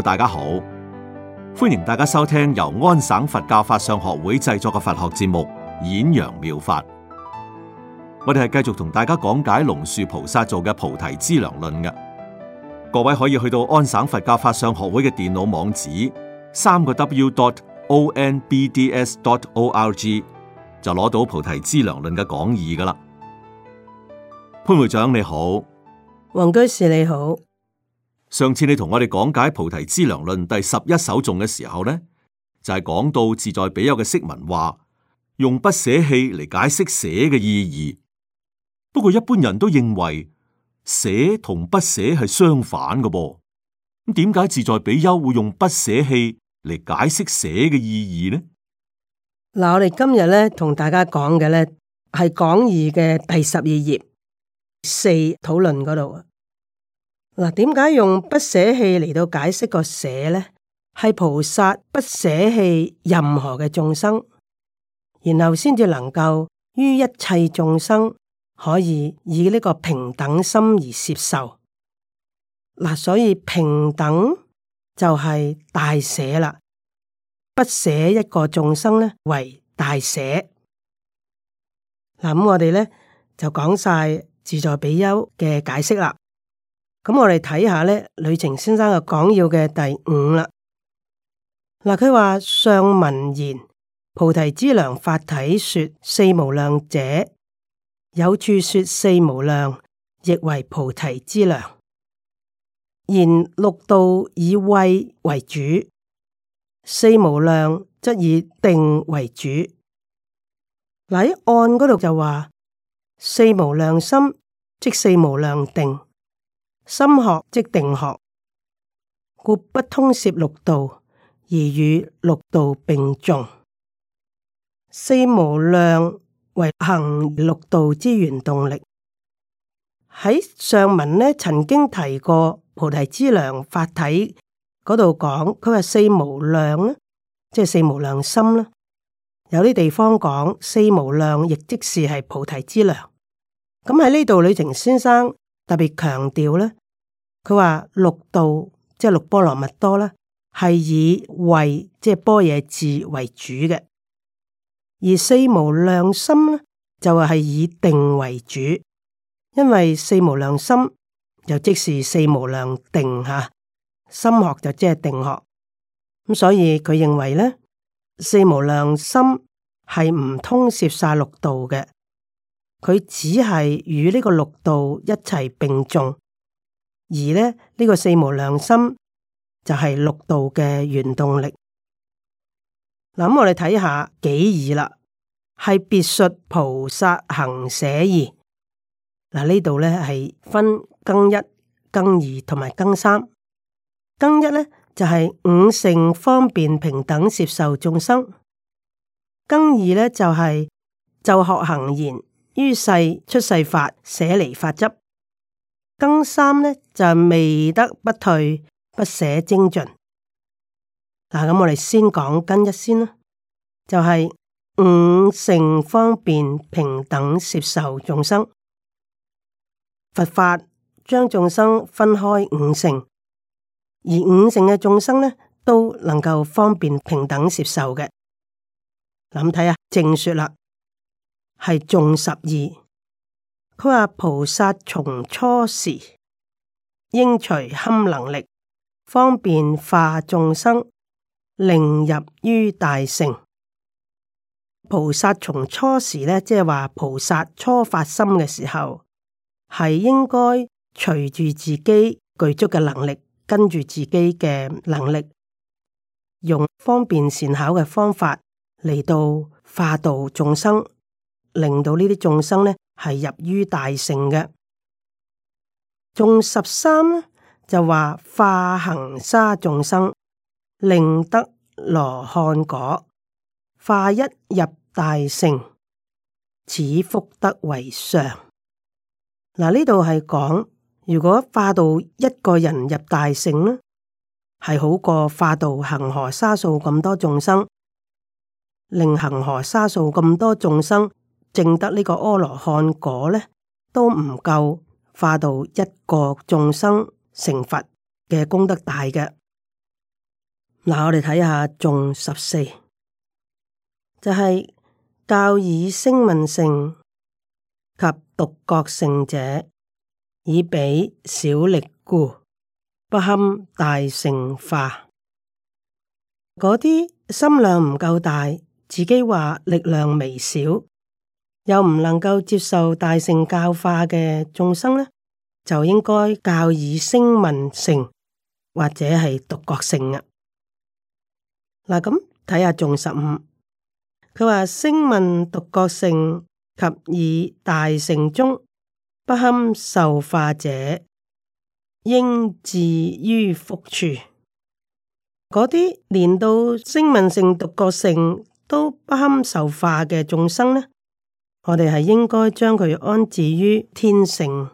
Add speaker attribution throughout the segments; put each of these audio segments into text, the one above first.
Speaker 1: 大家好，歡迎大家收聽由安省佛教法相學會製作嘅佛學節目《演揚妙，妙法》。我哋係繼續同大家講解龍樹菩薩做嘅《菩提資糧論》嘅。各位可以去到安省佛教法相學會嘅電腦網址，三個 w.dot.o.n.b.d.s.dot.o.r.g 就攞到《菩提資糧論》嘅講義噶啦。潘會長你好，黃居士你好。上次你同我哋講解《菩提資糧論》第十一首頌嘅時候咧，就係講到自在比丘嘅釋文話，用不捨棄嚟解釋捨嘅意義。不過一般人都認為捨同不捨係相反嘅噃。咁點解自在比丘會用不捨棄嚟解釋捨嘅意義咧？
Speaker 2: 嗱，我哋今日咧同大家講嘅咧係講義嘅第十二頁四討論嗰度啊。嗱，點解用不捨棄嚟到解釋個捨咧？係菩薩不捨棄任何嘅眾生，然後先至能夠於一切眾生可以以呢個平等心而接受。嗱，所以平等就係大捨啦，不捨一個眾生咧為大捨。嗱，咁我哋咧就講晒自在比丘嘅解釋啦。咁我哋睇下咧，呂澄先生嘅講要嘅第五啦。嗱，佢話上文言菩提之量法體說四無量者，有處說四無量亦為菩提之量。言六度以位為主，四無量則以定為主。嗱，喺案嗰度就話四無量心即四無量定。心學即定學，故不通涉六度，而與六度並重。四無量為行六度之原動力。喺上文呢，曾經提過菩提資糧法體嗰度講，佢話四無量呢，即係四無量心啦。有啲地方講四無量亦即是係菩提資糧。咁喺呢度，呂澄先生。特別強調咧，佢話六度即係六波羅蜜多啦，係以慧即係般若智為主嘅；而四無量心咧就係、是、以定為主，因為四無量心就即是四無量定吓，心學就即係定學，咁所以佢認為咧，四無量心係唔通攝晒六度嘅。佢只係與呢個六度一齊並重，而咧呢、這個四無量心就係、是、六度嘅原動力。嗱、嗯，咁我哋睇下己二啦，係別述菩薩行舍二。嗱、嗯、呢度咧係分更一、更二同埋更三。更一咧就係、是、五性方便平等攝受眾生，更二咧就係、是、就學行言。於世出世法捨離法執，更三呢就未得不退不捨精進。嗱、啊、咁、嗯、我哋先講更一先啦，就係、是、五乘方便平等攝受眾生。佛法將眾生分開五乘，而五乘嘅眾生呢都能夠方便平等攝受嘅。諗睇啊看看，正說啦。係頌十二，佢話菩薩從初時應隨堪能力，方便化眾生，令入於大乘。菩薩從初時咧，即係話菩薩初發心嘅時候，係應該隨住自己具足嘅能力，跟住自己嘅能力，用方便善巧嘅方法嚟到化度眾生。令到呢啲眾生呢係入於大乘嘅。頌十三呢就話，化恆沙眾生，令得羅漢果，化一入大乘，此福德為上。嗱呢度係講，如果化到一個人入大乘呢，係好過化到恒河沙數咁多眾生，令恒河沙數咁多眾生。證得呢個阿羅漢果咧，都唔夠化到一個眾生成佛嘅功德大嘅。嗱，我哋睇下頌十四，就係、是、教以聲聞乘及獨覺聖者，以彼小力故，不堪大乘化。嗰啲心量唔夠大，自己話力量微小。又唔能夠接受大乘教化嘅眾生呢，就應該教以聲聞乘，或者係獨覺乘啊。嗱，咁睇下仲十五，佢話聲聞獨覺乘及以大乘中不堪受化者，應置於福處。嗰啲連到聲聞乘,獨覺乘、獨覺乘都不堪受化嘅眾生呢？我哋係應該將佢安置於天性，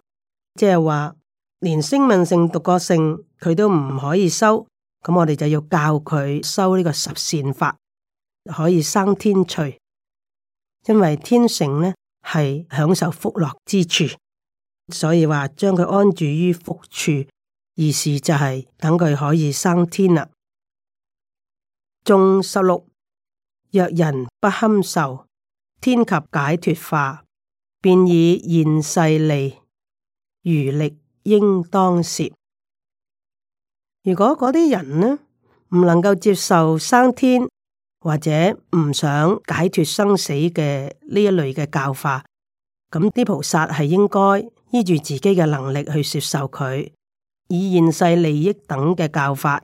Speaker 2: 即係話連聲聞乘、獨覺乘佢都唔可以受，咁我哋就要教佢修呢個十善法，可以生天趣。因為天性呢係享受福樂之處，所以話將佢安置於福處，意思就係等佢可以生天啦。眾十六，若人不堪受。天及解脫化，便以現世利餘力，應當攝。如果嗰啲人呢，唔能夠接受生天，或者唔想解脱生死嘅呢一類嘅教法，咁啲菩薩係應該依住自己嘅能力去攝受佢，以現世利益等嘅教法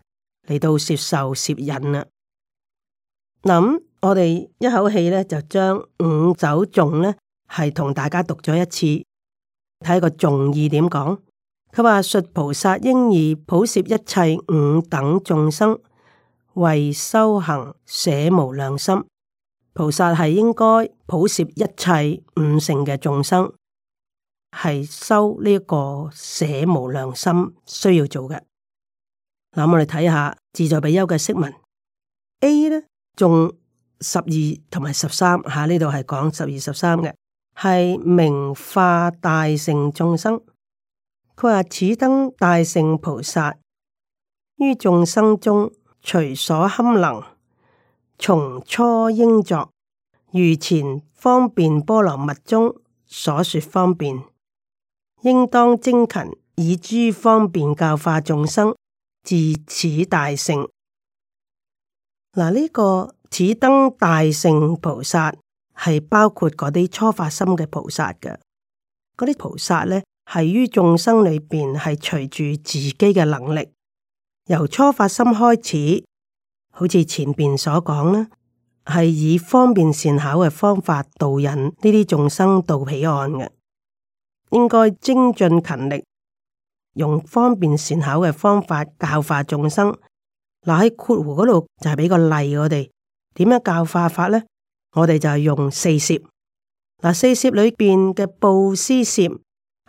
Speaker 2: 嚟到攝受攝引啦。諗。我哋一口氣咧就將五走頌，咧係同大家讀咗一次，睇個頌義點講。佢話說述菩薩應以普攝一切五等眾生為修行捨無量心，菩薩係應該普攝一切五乘嘅眾生，係修呢一個捨無量心需要做嘅。嗱，那我哋睇下自在比丘嘅釋文 A 呢「眾。十二同埋十三吓，呢度係講十二十三嘅，係名化大乘眾生。佢話，此等大乘菩薩於眾生中隨所堪能，從初應作如前方便波羅蜜中所說方便，應當精勤以諸方便教化眾生，自此大乘。嗱、啊，呢、這個。此等大聖菩薩係包括嗰啲初發心嘅菩薩嘅，嗰啲菩薩咧係於眾生裏邊係隨住自己嘅能力，由初發心開始，好似前邊所講啦，係以方便善巧嘅方法導引呢啲眾生度彼岸嘅，應該精進勤力，用方便善巧嘅方法教化眾生。嗱，喺括弧嗰度就係、是，俾個例我哋。點樣教化法咧？我哋就係用四攝。嗱，四攝裏邊嘅布施攝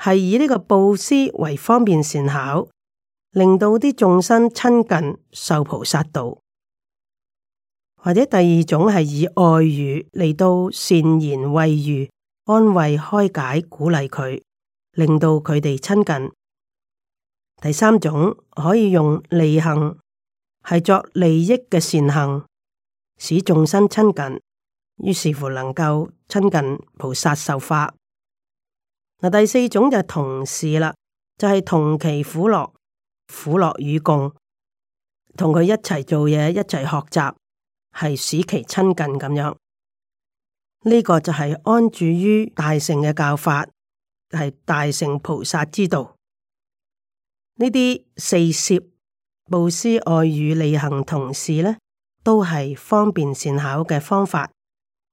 Speaker 2: 係以呢個布施為方便善巧，令到啲眾生親近受菩薩道；或者第二種係以愛語嚟到善言慰喻、安慰、開解、鼓勵佢，令到佢哋親近；第三種可以用利行，係作利益嘅善行。使眾生親近，於是乎能夠親近菩薩受法。嗱，第四種就係同事啦，就係、是、同其苦樂、苦樂與共，同佢一齊做嘢，一齊學習，係使其親近咁樣。呢、這個就係安住於大乘嘅教法，係大乘菩薩之道。呢啲四攝、布施、愛語、利行同事呢？都係方便善巧嘅方法，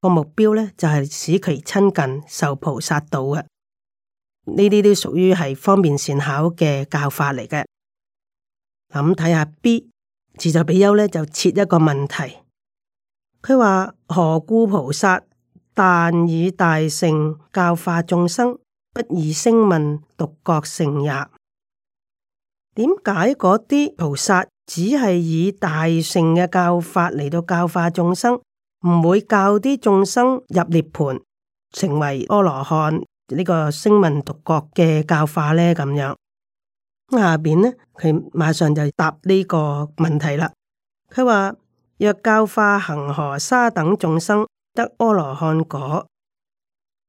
Speaker 2: 個目標呢，就係使其親近受菩薩道嘅，呢啲都屬於係方便善巧嘅教法嚟嘅。咁睇下 B 自在比丘呢，就設一個問題，佢話何故菩薩但以大乘教化眾生，不以聲聞獨覺乘也？點解嗰啲菩薩？只係以大乘嘅教法嚟到教化眾生，唔會教啲眾生入涅槃成為阿羅漢呢個聲聞獨覺嘅教化咧，咁樣。下邊呢，佢馬上就答呢個問題啦。佢話若教化恒河沙等眾生得阿羅漢果，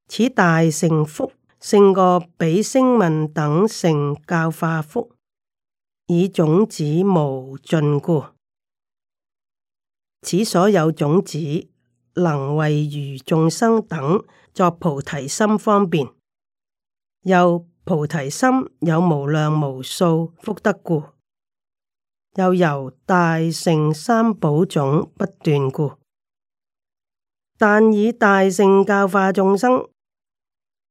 Speaker 2: 此大乘福勝過比聲聞等乘教化福。以種子無盡故，此所有種子能為如眾生等作菩提心方便。又菩提心有無量無數福德故，又由大乘三寶種不斷故，但以大乘教化眾生，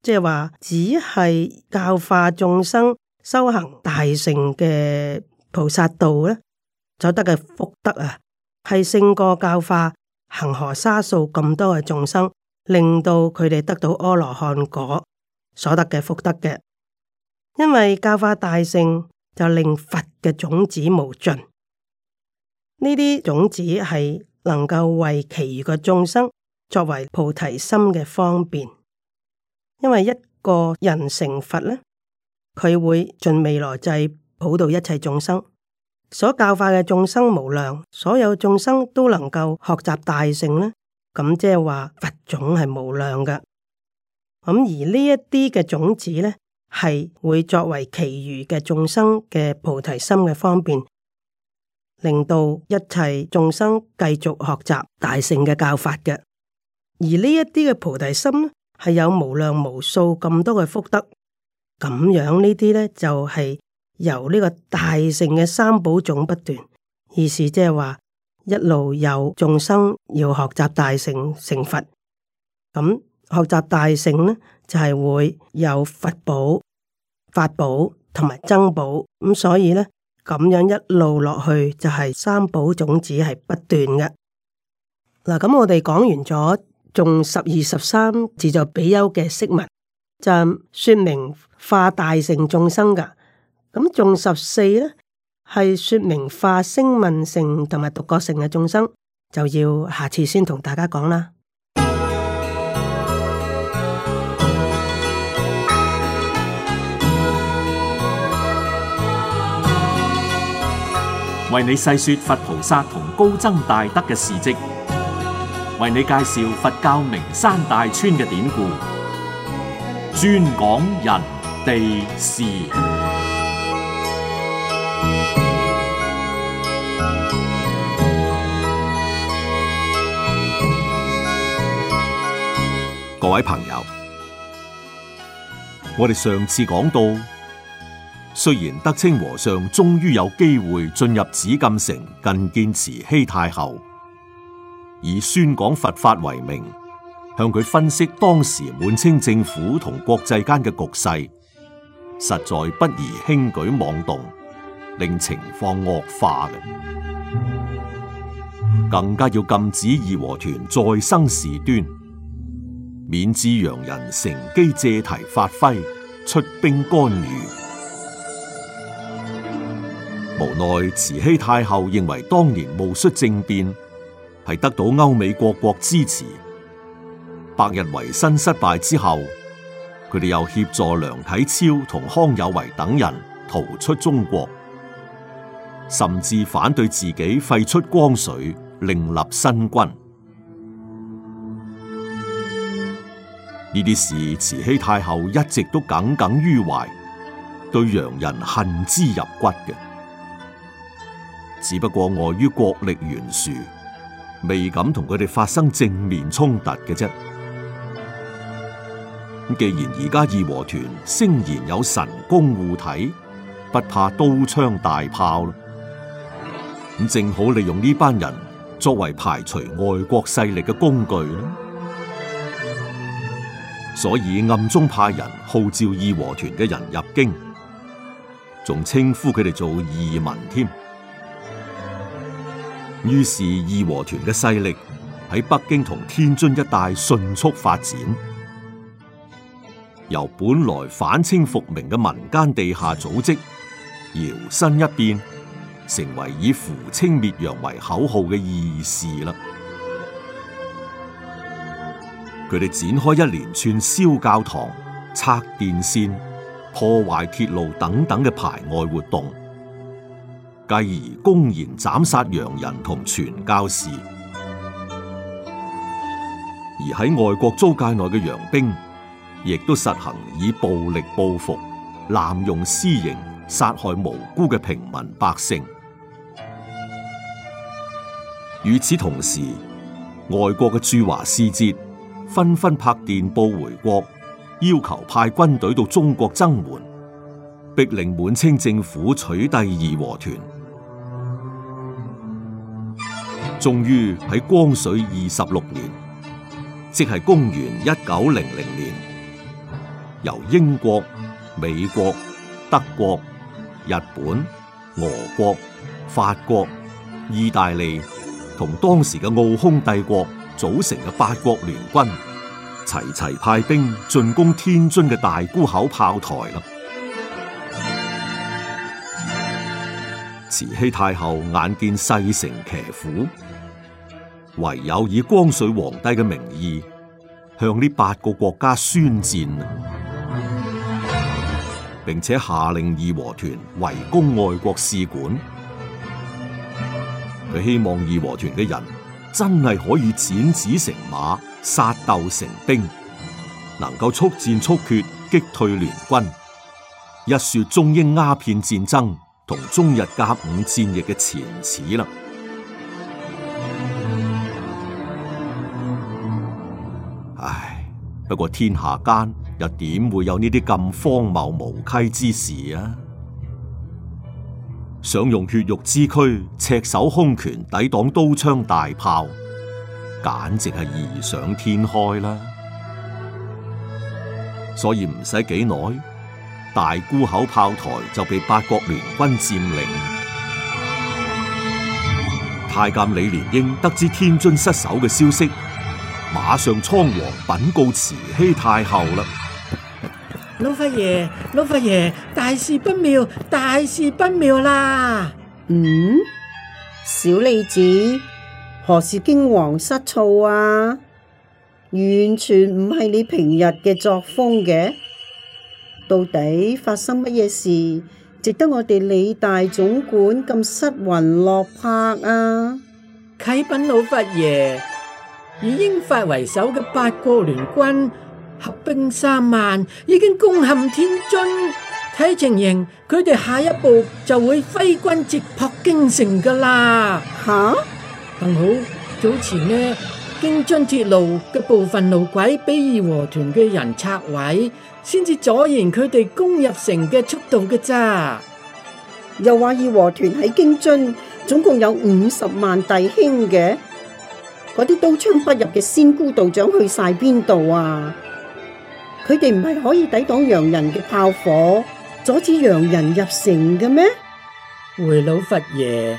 Speaker 2: 即係話只係教化眾生。修行大乘嘅菩薩道咧，所得嘅福德啊，係勝過教化恒河沙數咁多嘅眾生，令到佢哋得到阿羅漢果所得嘅福德嘅。因為教化大乘就令佛嘅種子無盡，呢啲種子係能夠為其餘嘅眾生作為菩提心嘅方便。因為一個人成佛呢。佢會盡未來際普渡一切眾生，所教化嘅眾生無量，所有眾生都能夠學習大乘呢，咁即係話佛種係無量㗎，咁而呢一啲嘅種子呢，係會作為其餘嘅眾生嘅菩提心嘅方便，令到一切眾生繼續學習大乘嘅教法嘅，而呢一啲嘅菩提心呢係有無量無數咁多嘅福德。咁樣呢啲咧就係、是、由呢個大乘嘅三寶種不斷，意思即係話一路有眾生要學習大乘成佛，咁學習大乘咧就係、是、會有佛寶、法寶同埋增寶，咁所以咧咁樣一路落去就係、是、三寶種子係不斷嘅。嗱，咁我哋講完咗頌十二十三自在比丘嘅釋文。就說明化大乘眾生噶，咁頌十四咧係說明化聲聞乘同埋獨覺乘嘅眾生，就要下次先同大家講啦。
Speaker 1: 為你細說佛菩薩同高僧大德嘅事跡，為你介紹佛教名山大川嘅典故。尊講人地事，各位朋友，我哋上次講到，雖然德清和尚終於有機會進入紫禁城覲見慈禧太后，以宣講佛法為名。向佢分析當時滿清政府同國際間嘅局勢，實在不宜輕舉妄動，令情況惡化，更加要禁止義和團再生事端，免至洋人乘機借題發揮，出兵干預。無奈慈禧太后認為當年戊戌政變係得到歐美各國，國支持。百日維新失敗之後，佢哋又協助梁啟超同康有為等人逃出中國，甚至反對自己廢出光緒，另立新君。呢啲事，慈禧太后一直都耿耿於懷，對洋人恨之入骨嘅。只不過礙於國力懸殊，未敢同佢哋發生正面衝突嘅啫。既然而家義和團聲言有神功護體，不怕刀槍大炮，咁正好利用呢班人作為排除外國勢力嘅工具，所以暗中派人號召義和團嘅人入京，仲稱呼佢哋做義民添。於是義和團嘅勢力喺北京同天津一帶迅速發展。由本來反清復明嘅民間地下組織，搖身一變，成為以扶清滅洋為口號嘅義士啦。佢哋展開一連串燒教堂、拆電線、破壞鐵路等等嘅排外活動，繼而公然斬殺洋人同傳教士，而喺外國租界內嘅洋兵。亦都實行以暴力報復、濫用私刑、殺害無辜嘅平民百姓。與此同時，外國嘅駐華使節紛紛拍電報回國，要求派軍隊到中國增援，逼令滿清政府取締義和團。終於喺光緒二十六年，即係公元一九零零年。由英國、美國、德國、日本、俄國、法國、意大利同當時嘅奧匈帝國組成嘅八國聯軍，齊齊派兵進攻天津嘅大沽口炮台啦。慈禧太后眼見勢成騎虎，唯有以光緒皇帝嘅名義向呢八個國家宣戰。並且下令義和團圍攻外國使館，佢希望義和團嘅人真係可以剪紙成馬，撒豆成兵，能夠速戰速決，擊退聯軍。一雪中英鴉片戰爭同中日甲午戰役嘅前恥啦。唉，不過天下間，又點會有呢啲咁荒謬無稽之事啊？想用血肉之軀、赤手空拳抵擋刀槍大炮，簡直係異想天開啦！所以唔使幾耐，大沽口炮台就被八國聯軍佔領。太監李蓮英得知天津失守嘅消息，馬上倉皇稟告慈禧太后啦。
Speaker 3: 老佛爺，老佛爺，大事不妙，大
Speaker 4: 事不妙啦！嗯，小李子，何事驚惶失措啊？完全唔係你平日嘅作風嘅，到底發生乜嘢事，值得我哋李大總管咁失魂落魄啊？啟禀老佛爺，以英法為首嘅八國聯軍。
Speaker 3: 合兵三萬，已經攻陷天津。睇情形，佢哋下一步就會揮軍直撲京城噶啦。吓，幸好早前呢，京津鐵路嘅部分路軌俾義和團嘅人拆毀，先至阻延佢哋攻入城嘅速度噶。咋？
Speaker 4: 又話義和團喺京津總共有五十萬弟兄嘅，嗰啲刀槍不入嘅仙姑道長去晒邊度啊？佢哋唔係可以抵擋洋人嘅炮火，阻止洋人入城嘅咩？回老佛爺，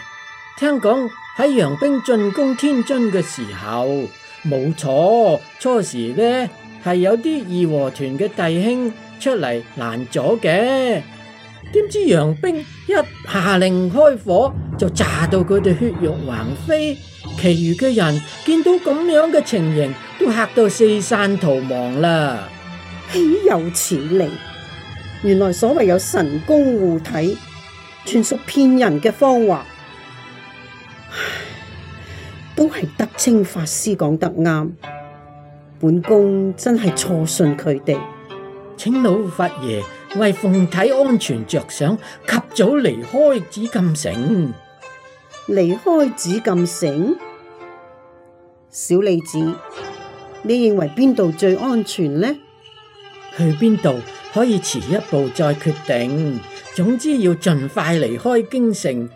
Speaker 4: 聽講喺洋兵進
Speaker 3: 攻天津嘅時候，冇錯，初時呢係有啲義和團嘅弟兄出嚟攔阻嘅，點知洋兵一下令開火，就炸到佢哋血肉橫飛，其餘嘅人見到咁樣嘅情形，都吓到四散逃亡啦。
Speaker 4: 豈有此理！原來所謂有神功護體，全屬騙人嘅謊話。都係德清法師講得啱，本宮真係錯信佢哋。請老佛爺為鳳體安全着想，及早離開紫禁城。離開紫禁城？小李子，你認為邊度最安全呢？去邊度可以遲一步再決定。總之要
Speaker 3: 盡快離開京城，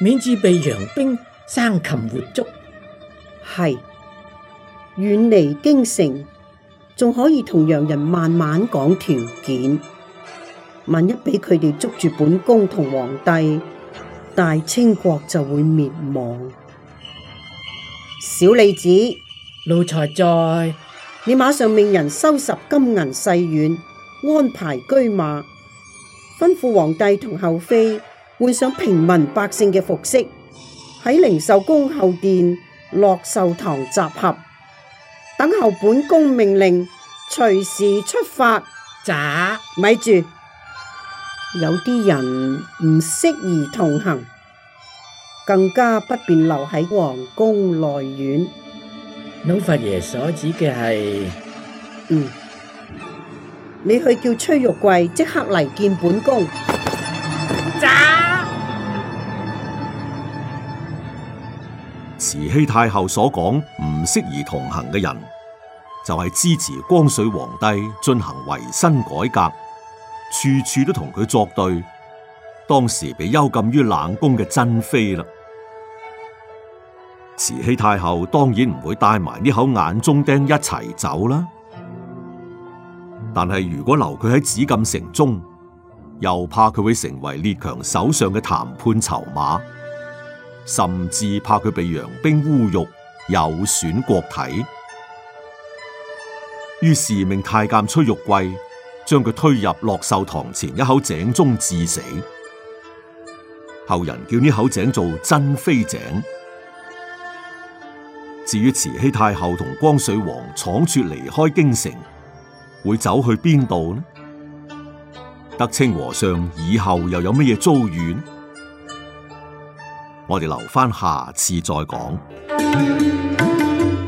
Speaker 3: 免至被洋兵生擒活捉。
Speaker 4: 係，遠離京城，仲可以同洋人慢慢講條件。萬一俾佢哋捉住本宮同皇帝，大清國就會滅亡。小李子，奴才在。你馬上命人收拾金銀細軟，安排車馬，吩咐皇帝同后妃換上平民百姓嘅服飾，喺靈壽宮後殿樂壽堂集合，等候本宮命令，隨時出發。咋？咪住，有啲人唔適宜同行，更加不便留喺皇宮內院。老佛爺所指嘅係？嗯，你去叫崔玉貴即刻嚟見本宮。走、啊。
Speaker 1: 慈禧太后所講唔適宜同行嘅人，就係、是、支持光緒皇帝進行維新改革，處處都同佢作對，當時被幽禁於冷宮嘅珍妃啦。慈禧太后當然唔會帶埋呢口眼中釘一齊走啦，但係如果留佢喺紫禁城中，又怕佢會成為列強手上嘅談判籌碼，甚至怕佢被洋兵侮辱，有損國體。於是命太監崔玉貴將佢推入樂壽堂前一口井中致死，後人叫呢口井做珍妃井。至於慈禧太后同光緒皇倉猝離開京城，會走去邊度呢？德清和尚以後又有乜嘢遭遇？我哋留翻下，下次再講。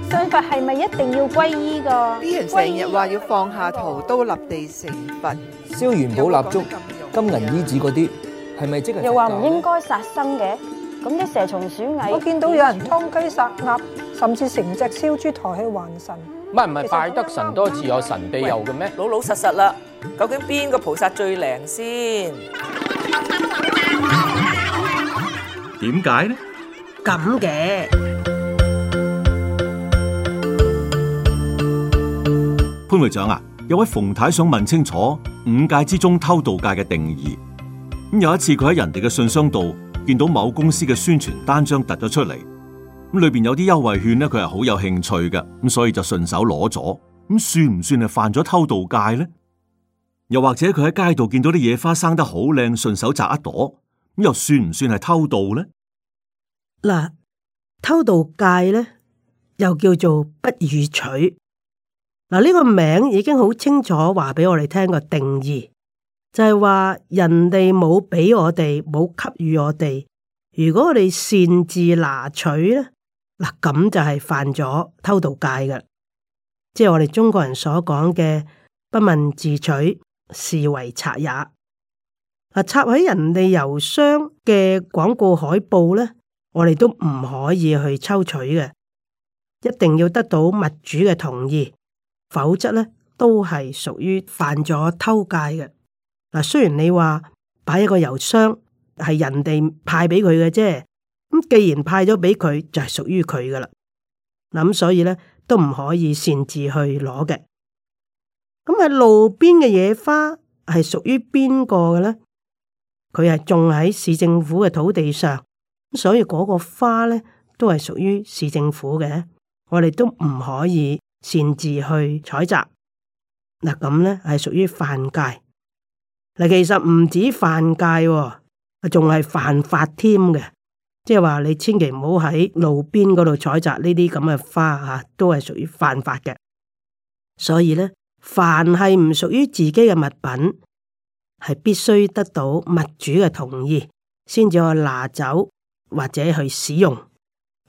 Speaker 4: 信佛係咪一定要皈依噶？啲人成日話要放下屠刀立地成
Speaker 3: 佛，燒元寶蠟燭、金銀衣紙嗰啲，係咪、嗯、即係？又話唔應該
Speaker 4: 殺生嘅，咁啲蛇蟲鼠蟻，我見到有人劏雞殺鴨。嗯甚至成隻燒豬抬去還神，
Speaker 3: 唔係，唔係拜得神多自有神庇佑嘅咩？老老實實啦，究竟邊個菩薩最靈先？
Speaker 1: 點解呢？
Speaker 2: 咁嘅
Speaker 1: 潘會長啊，有位馮太太想問清楚五戒之中偷盜戒嘅定義。咁有一次佢喺人哋嘅信箱度見到某公司嘅宣傳單張凸咗出嚟。咁裏邊有啲優惠券咧，佢係好有興趣嘅，咁所以就順手攞咗。咁算唔算係犯咗偷盜戒咧？又或者佢喺街度見到啲野花生得好靚，順手摘一朵，咁又算唔算係偷盜咧？
Speaker 2: 嗱，偷盜戒咧，又叫做不與取。嗱，呢、這個名已經好清楚話俾我哋聽個定義，就係、是、話人哋冇俾我哋，冇給予我哋，如果我哋擅自拿取咧。嗱，咁就係犯咗偷盜戒嘅，即係我哋中國人所講嘅不問自取，是為賊也。嗱，插喺人哋郵箱嘅廣告海報咧，我哋都唔可以去抽取嘅，一定要得到物主嘅同意，否則咧都係屬於犯咗偷戒嘅。嗱，雖然你話擺一個郵箱係人哋派俾佢嘅，啫。既然派咗俾佢，就係屬於佢噶啦。咁所以咧，都唔可以擅自去攞嘅。咁喺路邊嘅野花係屬於邊個嘅咧？佢係種喺市政府嘅土地上，所以嗰個花咧都係屬於市政府嘅。我哋都唔可以擅自去採集。嗱，咁咧係屬於犯戒。嗱，其實唔止犯戒、哦，仲係犯法添嘅。即係話，你千祈唔好喺路邊嗰度採摘呢啲咁嘅花吓、啊，都係屬於犯法嘅。所以咧，凡係唔屬於自己嘅物品，係必須得到物主嘅同意先至可以拿走或者去使用，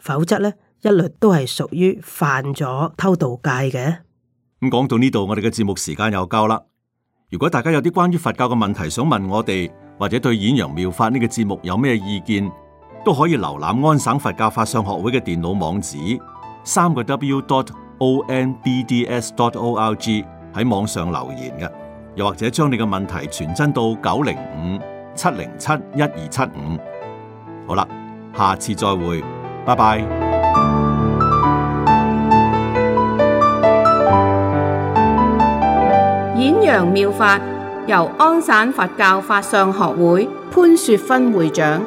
Speaker 2: 否則咧一律都係屬於犯咗偷盜戒嘅。咁
Speaker 1: 講到呢度，我哋嘅節目時間又夠啦。如果大家有啲關於佛教嘅問題想問我哋，或者對《演揚妙法》呢個節目有咩意見？都可以瀏覽安省佛教法相學會嘅電腦網址，三個 w.dot.onbds.dot.org 喺網上留言嘅，又或者將你嘅問題傳真到九零五七零七一二七五。好啦，下次再會，拜拜。
Speaker 4: 演揚妙法由安省佛教法相學會潘雪芬會長。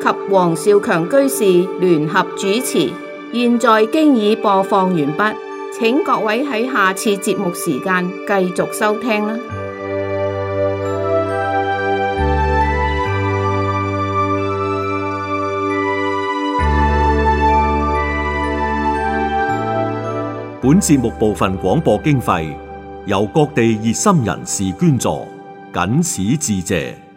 Speaker 4: 及王少強居士聯合主持，現在經已播放完畢，請各位喺下次節目時間繼續收聽啦。
Speaker 1: 本節目部分廣播經費由各地熱心人士捐助，謹此致謝。